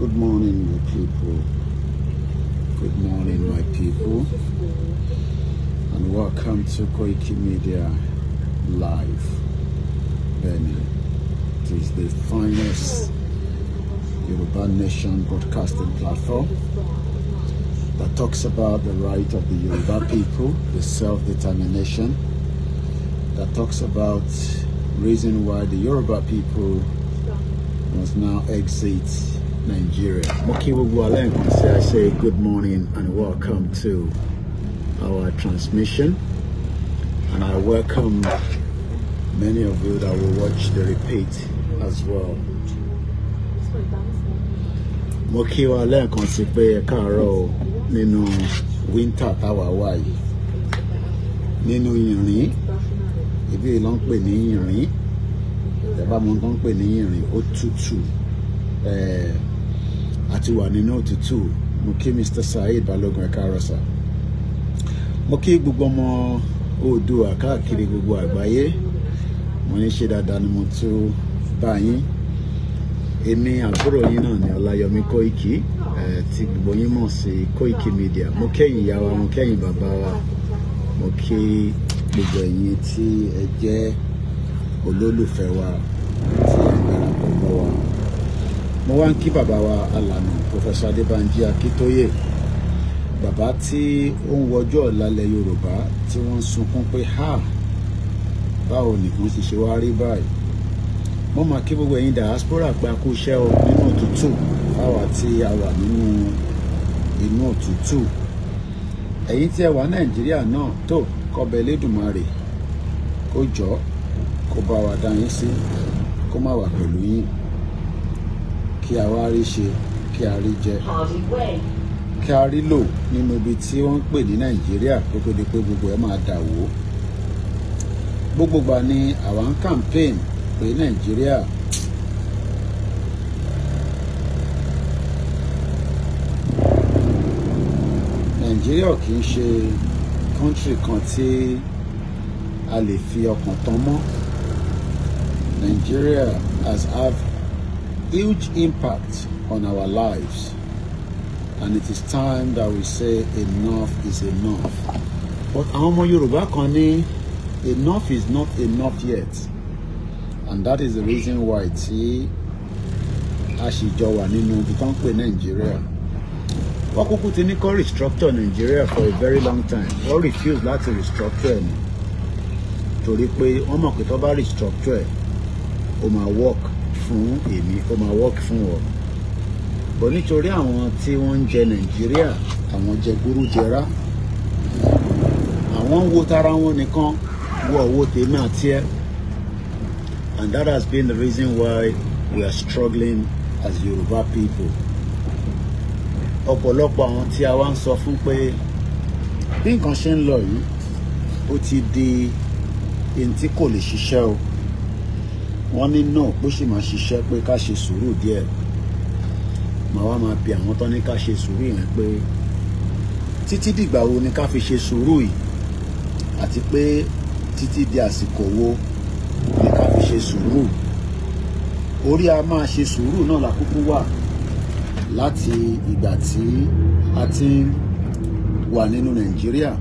Good morning, my people. Good morning, my people. And welcome to Koiki Media Live. Benny, it is the finest Yoruba Nation broadcasting platform that talks about the right of the Yoruba people, the self-determination, that talks about reason why the Yoruba people must now exit Nigeria. Moki Walem, say I say good morning and welcome to our transmission. And I welcome many of you that will watch the repeat as well. Moki lẹ́ẹ̀kan sí pé ẹ káàárọ̀ winter táwa wà yìí. Nínú yìnrín, long ló ń pè ní yìnrín. Ìjọba mo tó ń pè ní Eh, àti wà nínú òtútù mo kí Mr. Saheed Balogun ẹ̀ka rọ̀ṣà mo kí gbogbo ọmọ Oòduà káàkiri gbogbo àgbáyé mo ní ṣe dáadáa ni mo tún bá yín èmi àbúrò yín náà ni Ọláyọmí Kóìkì tí gbogbo yín mọ̀ sí Kóìkì Media mo kẹ́yìn ìyá wa mo kẹ́yìn bàbá wa mo kí gbogbo ẹ̀yin tí ẹ jẹ́ olólùfẹ́ wa tí ẹ darapọ̀ wa mo wá ń kí bàbá wa alàmì professor adébánjí akíntóyè bàbá tí ó ń wọjọ́ ọ̀làlẹ̀ yorùbá tí wọ́n ń sunkún pé ha báwo nìkan ti ṣe wá rí báyìí mo máa kí gbogbo ẹ̀yin diaspora pé a kú iṣẹ́ o nínú òtútù fáwa tí a wà nínú inú òtútù ẹ̀yin tí ẹ wà nàìjíríà náà tó kọ́bẹ̀ lẹ́dùnmarè kó jọ kó bá wa dá yín sí kó má wà pẹ̀lú yín kí a wá rí ṣe kí a rí jẹ kí a rí lò nínú ibi tí wọ́n ń pè ní nàìjíríà kó di pé gbogbo ẹ̀ máa dà wó gbogbo gbà ni àwa ń campaign pé nàìjíríà nàìjíríà kì í ṣe kọ́ńtírì kan tí a lè fi ọkàn tán mọ́ nàìjíríà has have huge impact on our lives. And it is time that we say enough is enough. But àwọn ọmọ Yorùbá kan ní enough is not enough yet. And that is the reason why tí a ṣì jọ wà nínú ibi tó ń pè Nàìjíríà. Wọ́n kúkú ti restructure Nigeria for a very long time. Wọ́n refuse to restructure to ni. Torí pé wọ́n mọ̀ pé restructure ẹ̀, ó work fún èmi ó máa work fún ọ bọ nítorí àwọn tí wọ́n ń jẹ nàìjíríà àwọn jẹgúrú jẹrá àwọn ń wo tara wọn nìkan wo owó tèmi àti ẹ and that has been the reason why we are struggling as Yoruba people ọ̀pọ̀lọpọ̀ àwọn tí a wá ń sọ fún pé bí nǹkan ṣe ń lọ yìí ó ti di ẹni tí kò lè ṣiṣẹ́ o wọ́n ní náà pé sì máa ṣiṣẹ́ pé ká ṣe sùúrù díẹ̀ màá wá máa bi àwọn tó ní ká ṣe sùúrù yẹn pé títí dìgbà wo ni ká fi ṣe sùúrù yìí àti pé títí di àsìkò wo ni ká fi ṣe sùúrù orí a máa ṣe sùúrù náà lákòókò wà láti ìgbà tí a ti ń wà nínú Nàìjíríà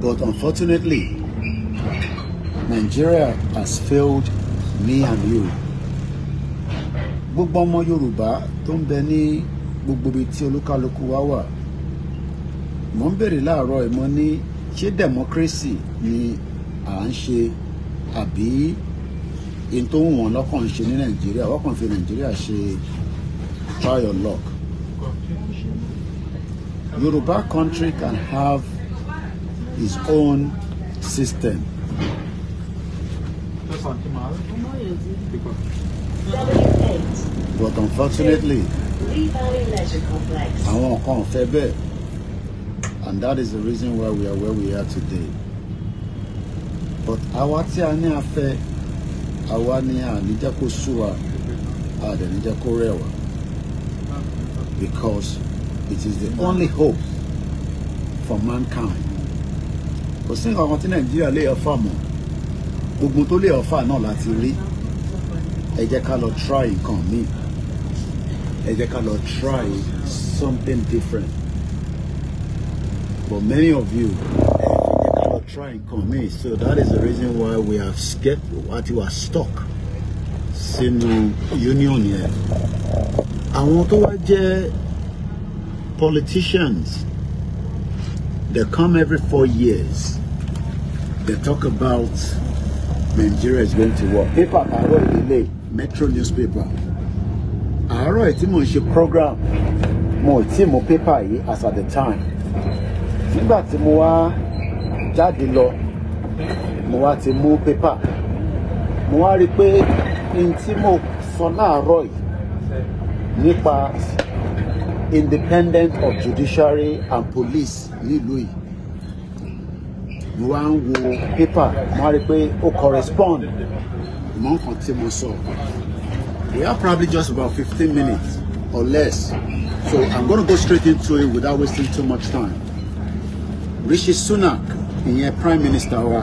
but unfortunately Nigeria has failed me and you. Gbogbo ọmọ Yorùbá tó ń bẹ ní gbogbo ibi tí olúkálukú wa wà. Mo ń bèrè láàárọ̀ ìmọ̀ ní ṣé democracy ni à ń ṣe àbí in tó ń wọ̀n lọ́kàn ṣe ní Nàìjíríà wọ́n fi Nàìjíríà ṣe try your luck. Yorùbá country can have his own system. But unfortunately, àwọn kan fẹ́ bẹ́ẹ̀ and that is the reason why we are where we are today. But àwa tí a ní afẹ́ àwa ni àníjẹ́ kó sú wa àdẹ̀níjẹ́ kó rẹ̀ wá because it is the only hope for mankind. Kò sí nǹkan kan tí Nàìjíríà lè yẹ fáàmù gbogbo tó lè ọ̀fà náà láti rí ẹ jẹ́ ká lọ try nǹkan míì ẹ jẹ́ ká lọ try something different but many of you ẹ jẹ́ ká lọ try nǹkan míì so that is the reason why we have escaped àti we are stuck sínú union yẹn àwọn tó wá jẹ́ politicians they come every four years they talk about. Nigeria is going to work. Paper àárọ̀ ìdílé. Metro newspaper. Àárọ̀ ẹ̀ tí mò ń ṣe program. Mo ò tí mo paper yìí as at the time. Nígbà tí mo wá jáde lọ, mo wá ti mú paper. Mo wá rí i pé n tí mo sọ láàárọ̀ yìí nípa independent of judiciary and police nílùú yìí mo wá ń wo pépà mo rí i pé ó correspond mọ nǹkan tí mo sọ we have probably just about fifteen minutes or less so i'm gonna go straight into it without wasting too much time Rishi Sunak ìyẹn prime minister wa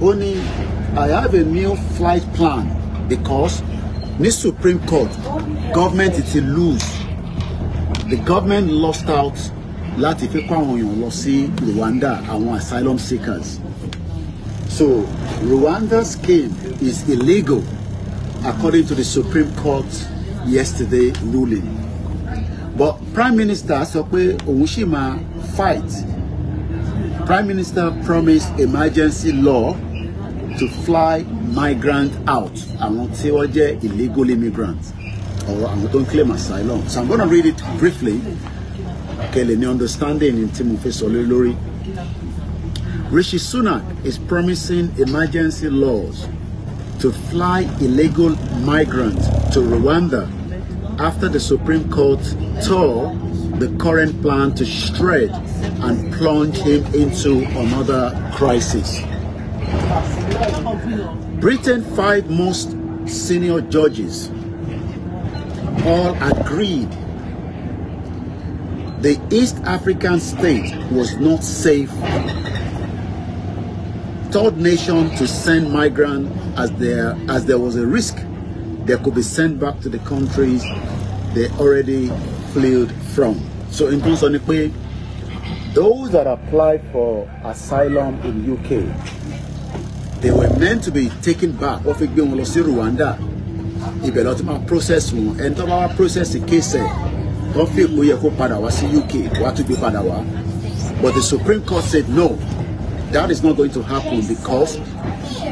ó ní i have a new flight plan because ní supreme court government ti lose the government lost out láti fi kọ́ àwọn èèyàn lọ sí Rwanda àwọn asylum seekers so Rwanda's scheme is illegal according to the Supreme Court yesterday ruling but Prime Minister sọ pé òun ṣì máa fight Prime Minister promised emergency law to fly migrants out àwọn tí wọ́n jẹ́ illegal immigrants or àwọn tó ń claim asylum so I'm gonna read it briefly. kẹlẹ̀ ní understanding in mo fẹ́ Rishi Sunak is promising emergency laws to fly illegal migrants to Rwanda after the Supreme Court tore the current plan to shred and plunge him into another crisis. Britain's five most senior judges all agreed the East African state was not safe. Third nation to send migrants, as there as there was a risk they could be sent back to the countries they already fled from. So in terms those that apply for asylum in UK, they were meant to be taken back. What if gbé wọn lọ Rwanda. Ibẹ̀ ló process will enter tó process the case tó fi èkó yẹ kó padà wá sí UK wá tún gbé padà wá but the Supreme Court said no that is not going to happen because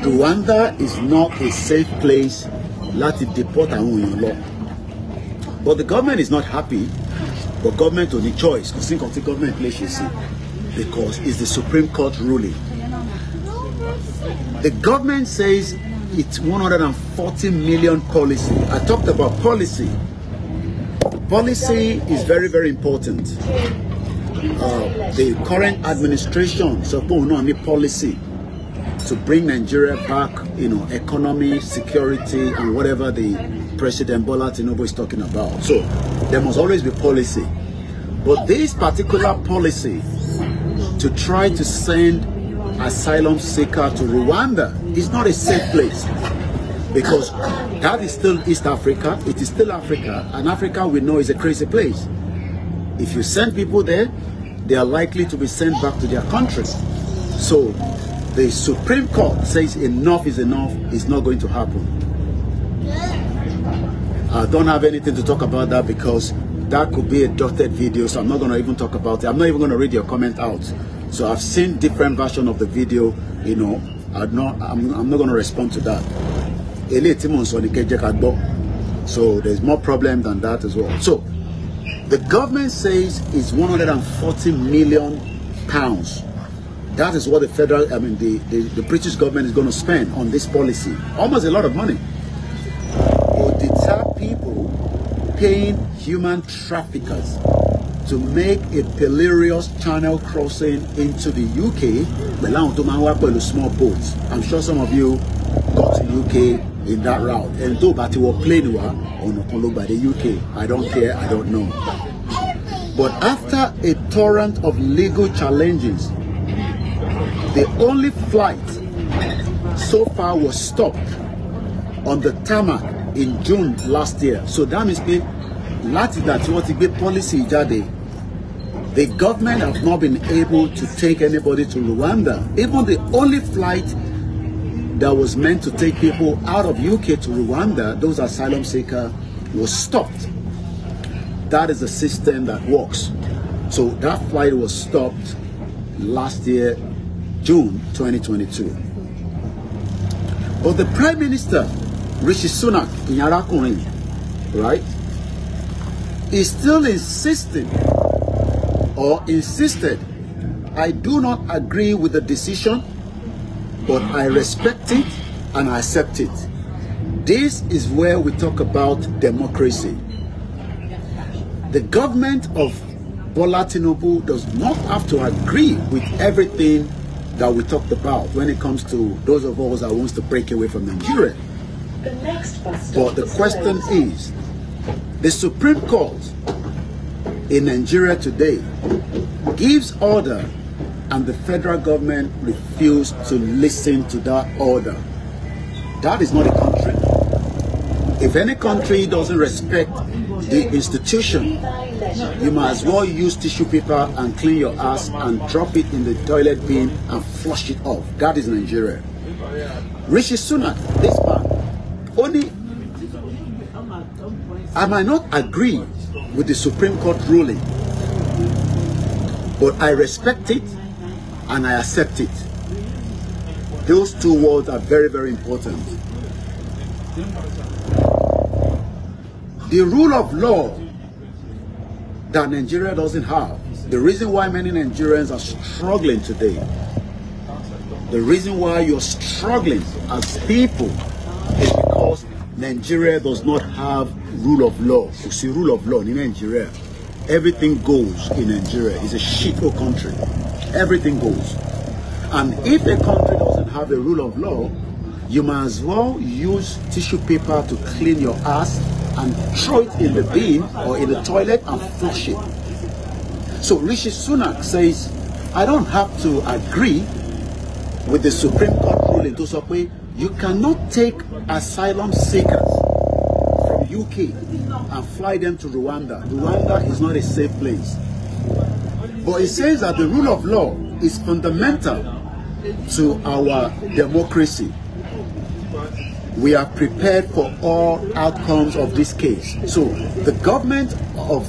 Rwanda is not a safe place láti deport àwọn èèyàn lọ but the government is not happy but government ò ní choice kò sí nǹkan tí government lè ṣe sí because it's the Supreme Court ruling the government says it's 140 million policy I talked about policy Policy is very, very important. Uh, the current administration sọ pé policy to bring Nigeria back, you know, economy, security, and whatever the President Bola Tinubu is talking about. So there must always be policy. But this particular policy to try to send asylum seeker to Rwanda is not a safe place because that is still East Africa, it is still Africa, and Africa we know is a crazy place. If you send people there, they are likely to be sent back to their countries. So the Supreme Court says enough is enough, it's not going to happen. I don't have anything to talk about that because that could be a dotted video, so I'm not going to even talk about it. I'm not even going to read your comment out. So I've seen different version of the video, you know, I'm not, I'm, I'm not going to respond to that eléyìí mò sọ ni kẹ́ ká gbọ́ so there's more problem than that as well so the government says it's 140 million pounds that is what the federal i mean the the, the british government is going to spend on this policy almost a lot of money to deter people paying human traffickers to make a delirious channel crossing into the UK. Pẹ̀lú àwọn tó small boats. I'm sure some of you got to UK in that route and two, but it wọ plane wa ọ̀nà kan ló gbà dé UK I don't care I don't know but after a torrent of legal challenges the only flight so far was stopped on the tarmac in June last year so that means pé láti ìgbà tí wọ́n ti gbé policy jáde the government have not been able to take anybody to Rwanda even the only flight that was meant to take people out of UK to Rwanda, those asylum seeker was stopped. That is a system that works. So that flight was stopped last year, June 2022. But the Prime Minister, Rishi Sunak, in Yarakuni, right, is still insisting or insisted, I do not agree with the decision but I respect it and I accept it. This is where we talk about democracy. The government of Bola does not have to agree with everything that we talked about when it comes to those of us that wants to break away from Nigeria. The next but the question is, the Supreme Court in Nigeria today gives order and the federal government refused to listen to that order. That is not a country. If any country doesn't respect the institution, you might as well use tissue paper and clean your ass and drop it in the toilet bin and flush it off. That is Nigeria. Rishi Sunak, this man, only I might not agree with the Supreme Court ruling, but I respect it and I accept it. Those two words are very, very important. The rule of law that Nigeria doesn't have, the reason why many Nigerians are struggling today, the reason why you're struggling as people is because Nigeria does not have rule of law. You see, rule of law in Nigeria, everything goes in Nigeria. It's a shit hole country everything goes. And if a country doesn't have a rule of law, you might as well use tissue paper to clean your ass and throw it in the bin or in the toilet and flush it. So Rishi Sunak says, I don't have to agree with the Supreme Court ruling to say you cannot take asylum seekers from UK and fly them to Rwanda. Rwanda is not a safe place. But it says that the rule of law is fundamental to our democracy. We are prepared for all outcomes of this case. So the government of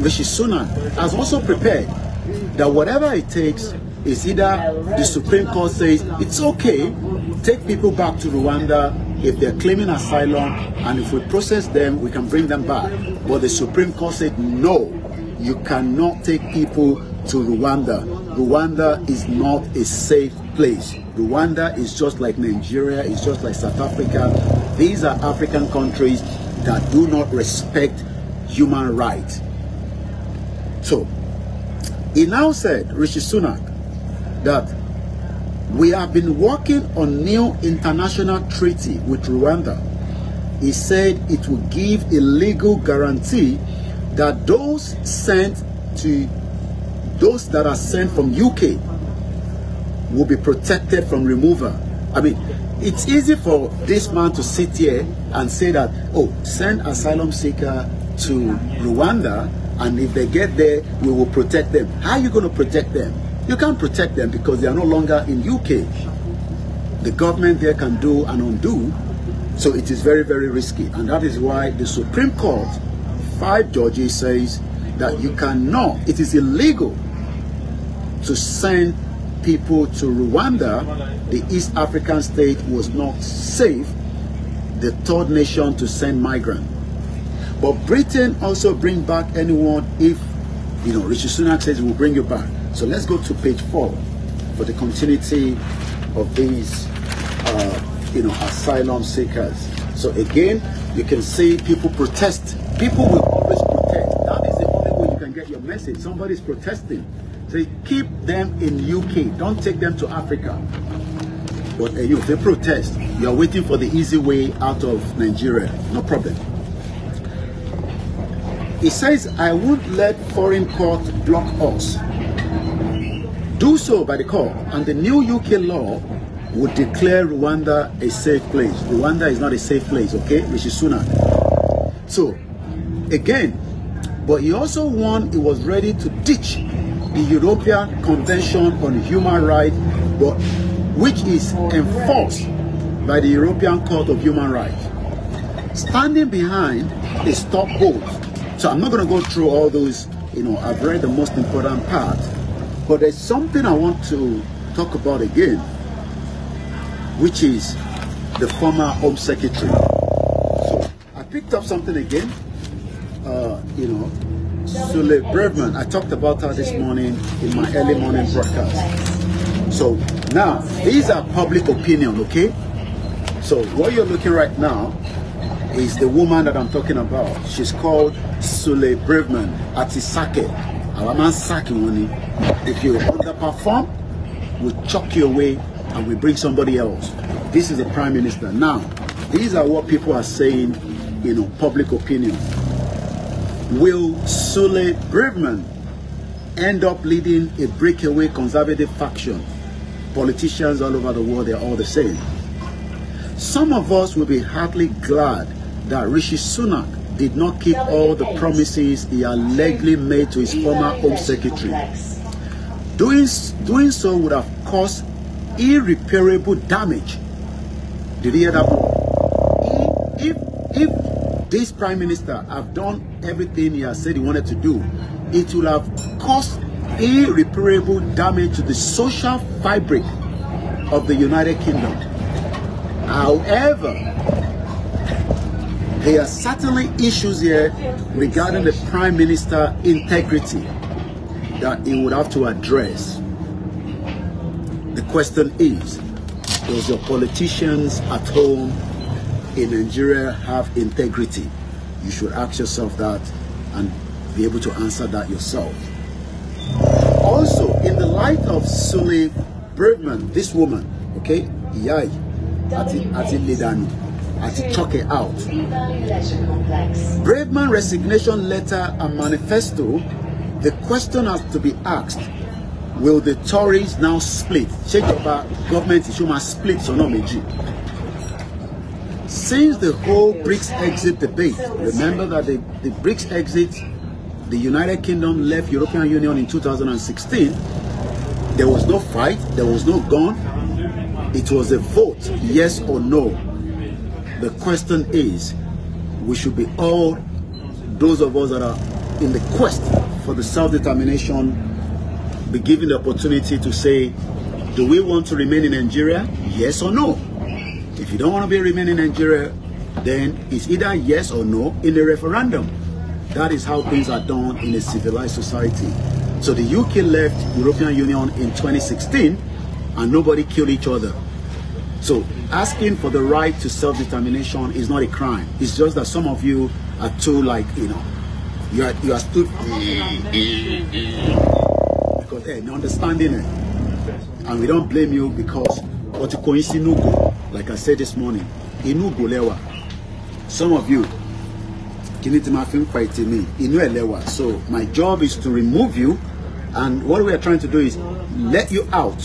Rishi Sunak has also prepared that whatever it takes is either the Supreme Court says it's okay, take people back to Rwanda if they're claiming asylum, and if we process them, we can bring them back. But the Supreme Court said no, you cannot take people to Rwanda. Rwanda is not a safe place. Rwanda is just like Nigeria, it's just like South Africa. These are African countries that do not respect human rights. So, he now said, Rishi Sunak, that we have been working on new international treaty with Rwanda. He said it will give a legal guarantee that those sent to those that are sent from UK will be protected from removal. I mean, it's easy for this man to sit here and say that, oh, send asylum seeker to Rwanda, and if they get there, we will protect them. How are you going to protect them? You can't protect them because they are no longer in UK. The government there can do and undo, so it is very, very risky. And that is why the Supreme Court, five judges says that you cannot, it is illegal to send people to Rwanda, the East African state was not safe, the third nation to send migrants. But Britain also bring back anyone if, you know, Richard Sunak says we'll bring you back. So let's go to page four for the continuity of these, uh, you know, asylum seekers. So again, you can see people protest. People will always protest. That is the only way you can get your message. Somebody's protesting. They keep them in UK. Don't take them to Africa. But uh, if they protest, you are waiting for the easy way out of Nigeria. No problem. He says, I won't let foreign court block us. Do so by the court, and the new UK law would declare Rwanda a safe place. Rwanda is not a safe place, okay? Which is sooner. So, again, but he also warned he was ready to ditch the European Convention on Human Rights, but which is enforced by the European Court of Human Rights. Standing behind a stop vote, So I'm not going to go through all those, you know, I've read the most important part, but there's something I want to talk about again, which is the former Home Secretary. So I picked up something again, uh, you know, Sule Brevman. I talked about her this morning in my early morning broadcast. So now, these are public opinion, okay? So what you're looking right now is the woman that I'm talking about. She's called Sule Brevman Atisake. Alaman Saki money. If you underperform, we'll chuck you away and we bring somebody else. This is the prime minister. Now, these are what people are saying, you know, public opinion will Sule Brevman end up leading a breakaway conservative faction? Politicians all over the world, they're all the same. Some of us will be heartily glad that Rishi Sunak did not keep all the promises he allegedly made to his former Home Secretary. Doing, doing so would have caused irreparable damage. Did he hear that? this prime minister have done everything he has said he wanted to do, it will have caused irreparable damage to the social fabric of the United Kingdom. However, there are certainly issues here regarding the prime minister integrity that he would have to address. The question is, does your politicians at home in Nigeria have integrity? You should ask yourself that and be able to answer that yourself. Also, in the light of Sule Bergman, this woman, okay, Yai Ati Ati Ledanu, Ati Choke out. Bergman resignation letter and manifesto, the question has to be asked, will the Tories now split? Check ìjọba government ṣó máa split sọ́nà méjì? since the whole BRICS exit debate, remember that the, the BRICS exit, the United Kingdom left European Union in 2016, there was no fight, there was no gun, it was a vote, yes or no. The question is, we should be all, those of us that are in the quest for the self-determination, be given the opportunity to say, do we want to remain in Nigeria, yes or no? If you don't want to be remain in Nigeria, then it's either yes or no in a referendum. That is how things are done in a civilized society. So the UK left European Union in 2016 and nobody killed each other. So asking for the right to self-determination is not a crime. It's just that some of you are too like, you know, you are, you are too because hey, no understanding it. And we don't blame you because what you coincide no good. like I said this morning inu ògo some of you kìíní tí máa fi ń pa so my job is to remove you and what we are trying to do is let you out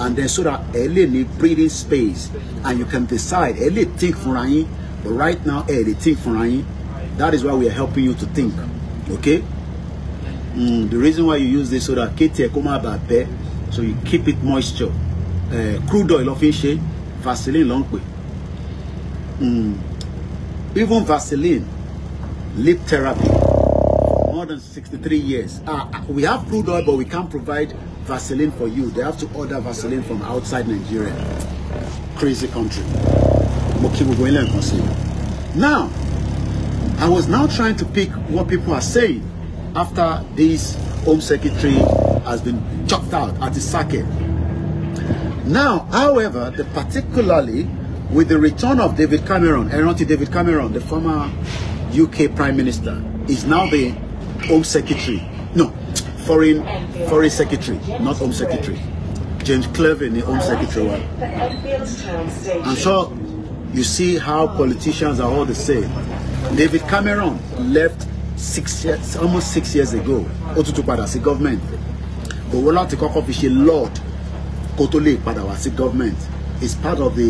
and then so that ẹ lè breathing space and you can decide ẹ think fúnra but right now ẹ think fúnra that is why we are helping you to think okay mm, the reason why you use this so that kéte ẹ kó má bàa so you keep it moisture uh, crude oil ló fi vaseline ló ń pè hmm. even vaseline lip therapy more than sixty-three years ah uh, we have crude oil but we can't provide vaseline for you they have to order vaseline from outside Nigeria crazy country mo kí gbogbo ilé nǹkan sí now I was now trying to pick what people are saying after this home secretary has been chopped out at the circuit. Now, however, the particularly with the return of David Cameron, Erranti David Cameron, the former UK Prime Minister, is now the Home Secretary. No, Foreign Foreign Secretary, not Home Secretary. James Clevin, the Home Secretary. I'm sure you see how politicians are all the same. David Cameron left six years, almost six years ago, ó tún tún padà sí government. Kò wọ́n láti kọ́kọ́ fi ṣe lord kó tó lè padà wá sí government is part of the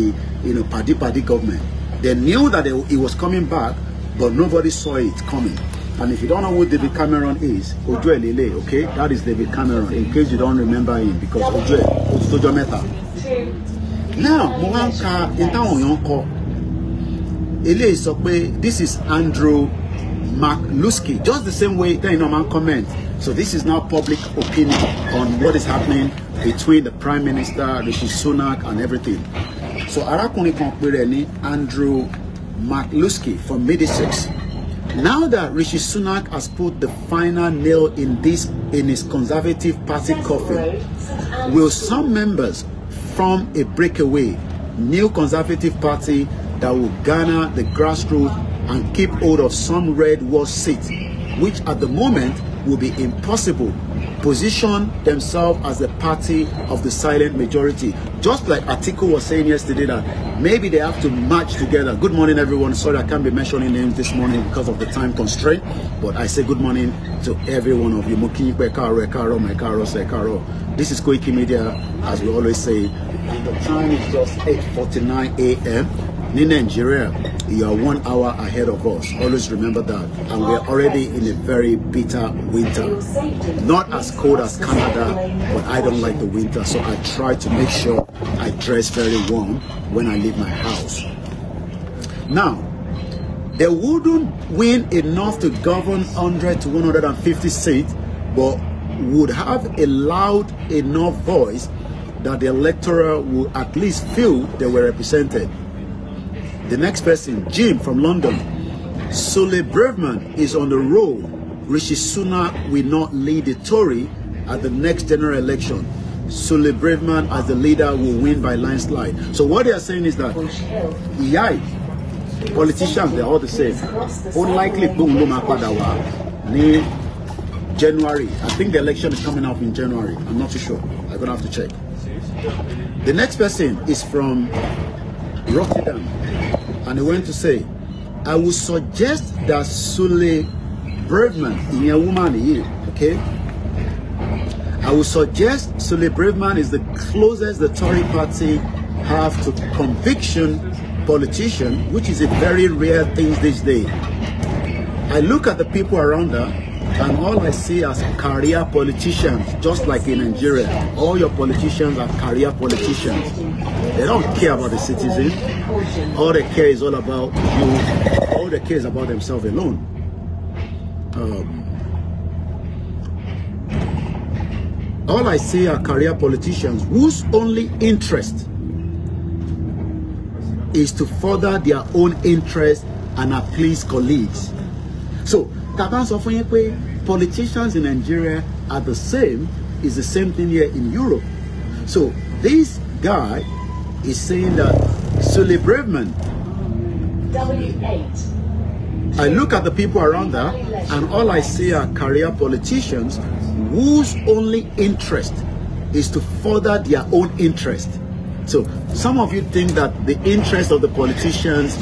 you know, party party government they knew that they, he was coming back but nobody saw it coming and if you don't know who David Cameron is ojú ẹ̀ lélẹ̀ okay that is David Cameron in case you don't remember him because ojú ẹ̀ ó ti now mo wá ń ka ìtàwọn èèyàn kọ eléyìí sọ pé this is Andrew Markluski just the same way then you know man comment so this is now public opinion on what is happening between the Prime Minister Rishi Sunak and everything. So Arakuni kan Andrew McLusky from Middlesex. Now that Rishi Sunak has put the final nail in this in his Conservative Party coffin, will some members form a breakaway new Conservative Party that will garner the grassroots and keep hold of some red wall seats, which at the moment will be impossible position themselves as the party of the silent majority. Just like Atiku was saying yesterday that maybe they have to march together. Good morning, everyone. Sorry, I can't be mentioning names this morning because of the time constraint, but I say good morning to every one of you. This is Koiki Media, as we always say, and the time is just 8.49 a.m. in Nigeria you are one hour ahead of us. Always remember that. And we're already in a very bitter winter. Not as cold as Canada, but I don't like the winter. So I try to make sure I dress very warm when I leave my house. Now, they wouldn't win enough to govern 100 to 150 seats, but would have a loud enough voice that the electoral would at least feel they were represented. The next person, Jim from London. Sule Bravman is on the roll. Rishi Sunak will not lead the Tory at the next general election. Sule Bravman, as the leader will win by landslide. So what they are saying is that yeah, politicians, they're all the same. Unlikely boom, Makadawa, In January. I think the election is coming up in January. I'm not too sure. I'm going to have to check. The next person is from Rotterdam. And he went to say, I would suggest that Sully Brevman, in a woman here, okay? I would suggest Sully Braveman is the closest the Tory party have to conviction politician, which is a very rare thing these days. I look at the people around her, and all I see as career politicians, just like in Nigeria. All your politicians are career politicians. They don't care about the citizen. All they care is all about you. All they care is about themselves alone. Um, all I see are career politicians whose only interest is to further their own interest and appease colleagues. So, Taban Sofonyepe, politicians in Nigeria are the same, is the same thing here in Europe. So, this guy is saying that Sully Braveman. W8. I look at the people around her and all I see are career politicians whose only interest is to further their own interest. So some of you think that the interest of the politicians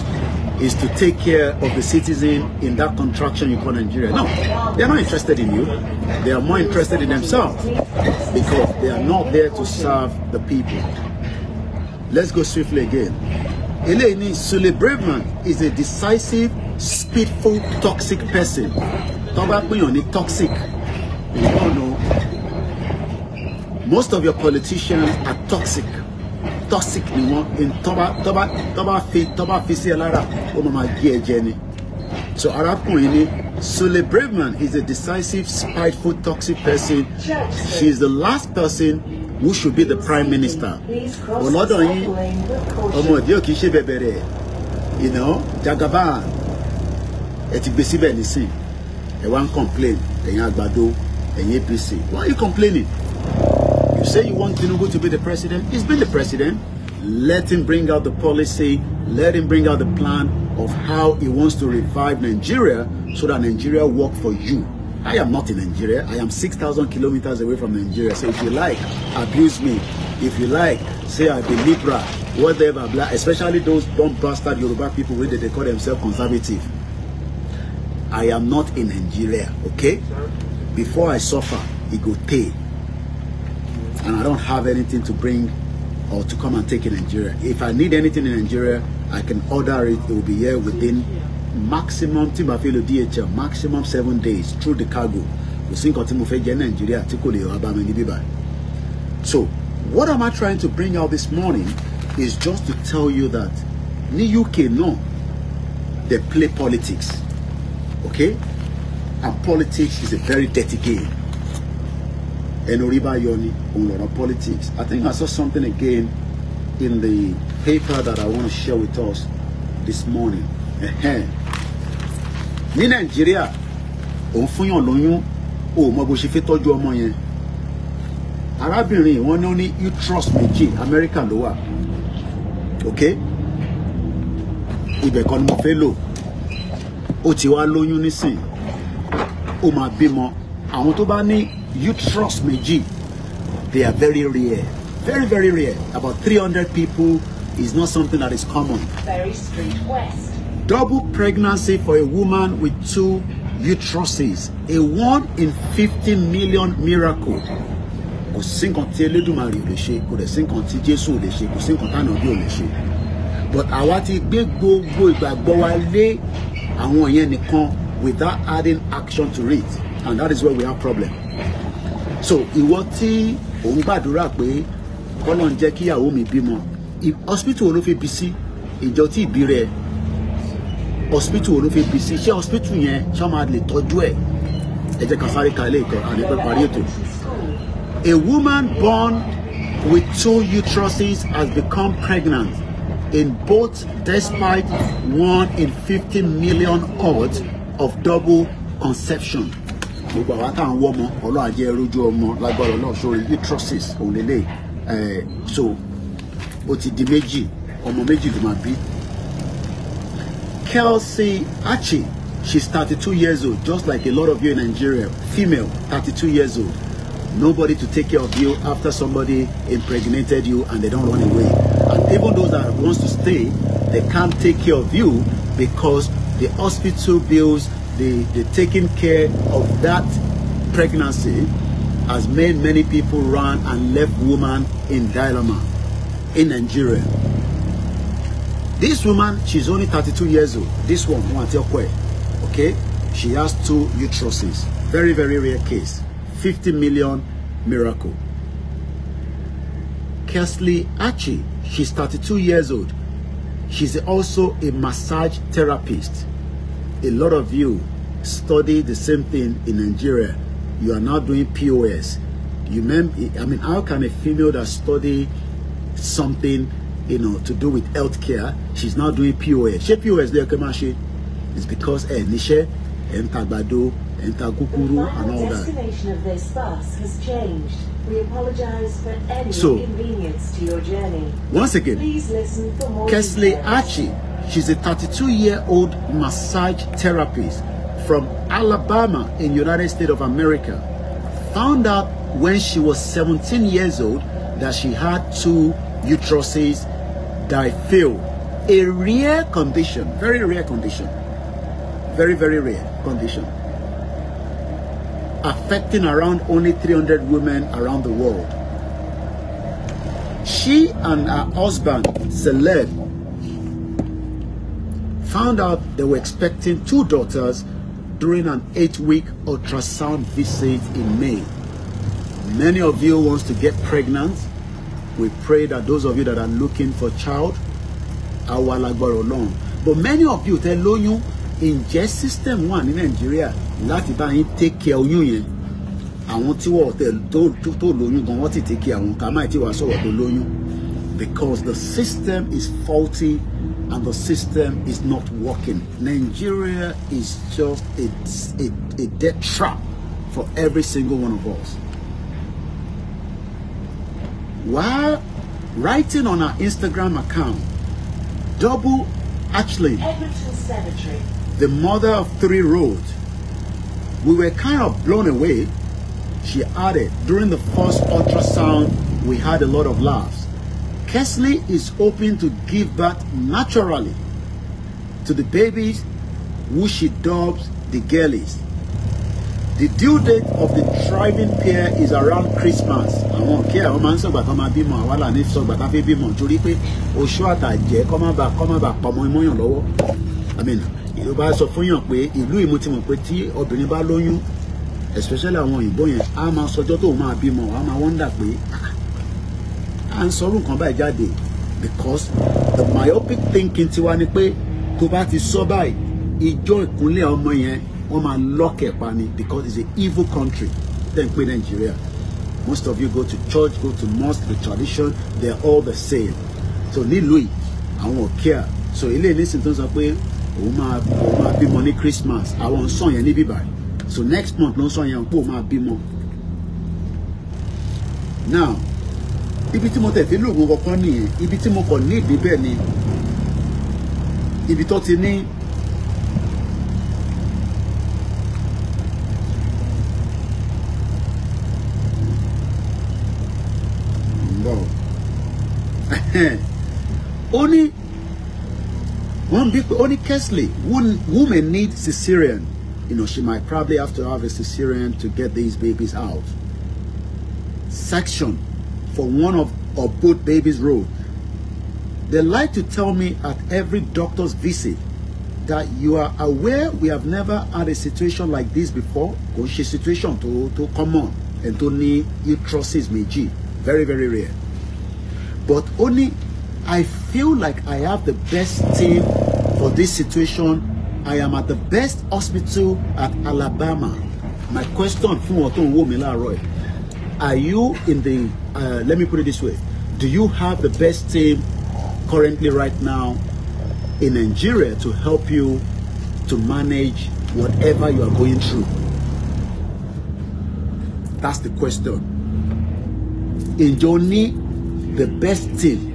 is to take care of the citizen in that contraction you call Nigeria. No, they're not interested in you. They are more interested in themselves because they are not there to serve the people. Let's go swiftly again. Eleni ni Sule Braveman is a decisive, spiteful, toxic person. Tó bá pèèyàn ní toxic, you all know. Most of your politicians are toxic. Toxic ni wọ́n. Tó bá tó bá tó bá fi tó bá fi sí So Arab ni Sule Braveman is a decisive, spiteful, toxic person. She is the last person who should be the prime minister You ọmọ Jagaban ẹ ti gbé síbẹ̀ want to complain ẹ̀yin àgbàdo ẹ̀yin APC why are you complaining you say you want Tinubu to be the president he's been the president let him bring out the policy let him bring out the plan of how he wants to revive Nigeria so that Nigeria work for you I am not in Nigeria. I am 6,000 kilometers away from Nigeria. So if you like, abuse me. If you like, say I be Libra, whatever, blah, especially those dumb bastard Yoruba people where they call themselves conservative. I am not in Nigeria, okay? Before I suffer, it go pay. And I don't have anything to bring or to come and take in Nigeria. If I need anything in Nigeria, I can order it. It will be here within maximum tí màá fi lo DHL maximum seven days through the cargo kò sí nǹkan tí mo fẹ́ jẹ́ nàìjíríà tí kò lè wá bá mi níbí báyìí. So what am I trying to bring out this morning is just to tell you that ní UK náà they play politics okay and politics is a very dirty game ẹnu rí bá yọ ni òun lọ̀rọ̀ politics I think I saw something again in the paper that I want to share with us this morning ní nàìjíríà òun fúnyàn lóyún o mọ bó ṣe fẹ́ tọ́jú ọmọ yẹn arábìnrin wọn ní ó ní uterus méjì amẹ́ríkà ló wà ok ibẹ̀ kan ni mo fẹ́ lò ó ti wá lóyún nísìn ó máa bímọ àwọn tó bá ní uterus méjì they are very rare very very rare about three hundred people is not something that is common. very strange. west double pregnancy for a woman with two uteruses a one in fifty million miracle kò sí nǹkan tí Elédùmarè ò lè ṣe kò dẹ̀ sí nǹkan tí Jésù ò lè ṣe kò sí nǹkan tí ànábì ò lè ṣe but àwa ti gbé gbogbo ìgbàgbọ́ wa lé àwọn yẹn nìkan without adding action to it and that is where we have problem so ìwọ tí òun gbàdúrà pé kọ́lọ́n jẹ́ kíyàwó mi bímọ hospital ló fi bí sí ìjọ tí ìbí rẹ̀ hospital ló fi bí sí ṣé hospital yẹn ṣá máa lè tọ́jú ẹ̀ ẹ jẹ́ sáré ka ilé ìtọ́ àdépẹ́ parí ètò. A woman born with two uteruses has become pregnant in both despite one in fifty million odds of double conception. gbogbo àwa tá à ń wọ́ ọmọ ọlọ́run ajẹ́ rojú ọmọ lágbára ọlọ́run sórí uteruses òun lélẹ̀ so ó ti di méjì ọmọ méjì ló máa bí Kelsey Achi. She's 32 years old, just like a lot of you in Nigeria. Female, 32 years old. Nobody to take care of you after somebody impregnated you and they don't run away. And even those that wants to stay, they can't take care of you because the hospital bills, the, the taking care of that pregnancy has made many people run and left women in dilemma in Nigeria. This woman, she's only 32 years old. This one, okay? She has two uteruses. Very, very rare case. 50 million miracle. Kesley Achi, she's 32 years old. She's also a massage therapist. A lot of you study the same thing in Nigeria. You are now doing POS. You mem I mean, how can a female that study something you know, to do with healthcare. She's now doing POS. She POS there, come she. It's because eh, Nisha, and Tagbado, and Tagukuru, and all that. The destination of this bus has changed. We apologize for any so, inconvenience to your journey. Once again, please listen for more Kesley Achi. She's a 32-year-old massage therapist from Alabama in United States of America. Found out when she was 17 years old that she had two uteruses die feel A rare condition, very rare condition, very, very rare condition, affecting around only 300 women around the world. She and her husband, Celeb, found out they were expecting two daughters during an eight-week ultrasound visit in May. Many of you wants to get pregnant we pray that those of you that are looking for child àwa lágbára but many of you tẹ́ lóyún ǹjẹ́ system wà ní Nàìjíríà láti bá yín take care oyún yẹn àwọn tí wọ́n tẹ tó lóyún gan wọ́n ti take care àwọn ká má ti wá sọ̀rọ̀ tó lóyún because the system is faulty and the system is not working Nigeria is just a, a, a death trap for every single one of us. while writing on our Instagram account, Double Ashley, the mother of three roads, we were kind of blown away. She added, during the first ultrasound, we had a lot of laughs. Kesley is hoping to give birth naturally to the babies who she dubs the girlies. the due date of the thriving pair is around Christmas àwọn kí àwọn máa ń sọ̀gbà tó máa bímọ àwa là ní sọ̀gbà tá a fi bímọ torí pé oṣù àtàjẹ́ kọ́ má bàa kọ́ má bàa pọmọ imúyàn lọ́wọ́ àmín yorùbá sọ fún yàn pé ìlú yìí mo ti mọ̀ pé tí obìnrin bá lóyún especially àwọn òyìnbó yẹn á máa sọjọ́ tó máa bímọ á máa wọ́ndà pé à ah, ń sọrú nǹkan báyìí jáde because the myopic thinking tiwa ni pé tó bá ti sọ báyìí ìjọ ìkúnlẹ̀ ọmọ yẹn wọ́n máa lọ́kẹ̀ pa ni because it's an evil country tẹ́ ń Nigeria. most of you go to church go to mosque the tradition they are all the same so nílùú yìí àwọn ò kíá so ilé ìnísìn tó ń sọ pé òun máa òun máa bímọ ní Christmas àwọn ń sọ yẹn níbí báyìí so next month ló ń sọ yẹn pé òun máa bímọ now ibi tí mo tẹ̀ fi lóògùn kankan nìyẹn ibi tí mo kàn ní ìdí bẹ́ẹ̀ ni ibi tó ti ní Only one big Only Kesley one woman need cesarean you know she might probably have to have a cesarean to get these babies out section for one of or both babies row they like to tell me at every doctor's visit that you are aware we have never had a situation like this before kò ń situation tó tó on and tó need uteruses G, very very rare but only. I feel like I have the best team for this situation. I am at the best hospital at Alabama. My question fún wọn tó ń Are you in the, uh, let me put it this way, do you have the best team currently right now in Nigeria to help you to manage whatever you are going through? That's the question. In Johnny, the best team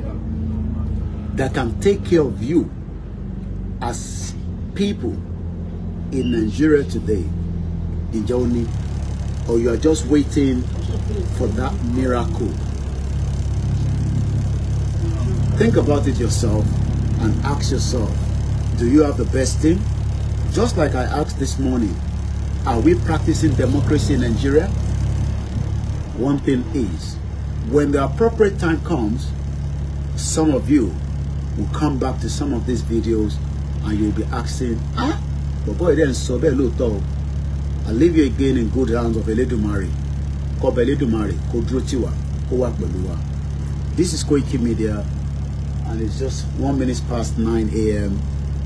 that can take care of you as people in Nigeria today in Johnny, or you are just waiting for that miracle. Think about it yourself and ask yourself, do you have the best team? Just like I asked this morning, are we practicing democracy in Nigeria? One thing is, when the appropriate time comes, some of you will come back to some of these videos and you'll be asking, ah, but boy, then so bẹ́ẹ̀ I leave you again in good hands of a Kọ́ba Elédùmarè This is Koiki Media and it's just one minute past 9 a.m.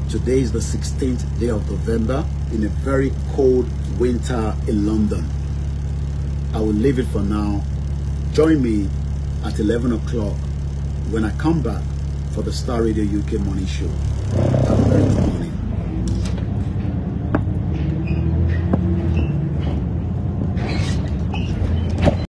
Today is the 16th day of November in a very cold winter in London. I will leave it for now. Join me at 11 o'clock when I come back for the Star Radio UK Morning Show.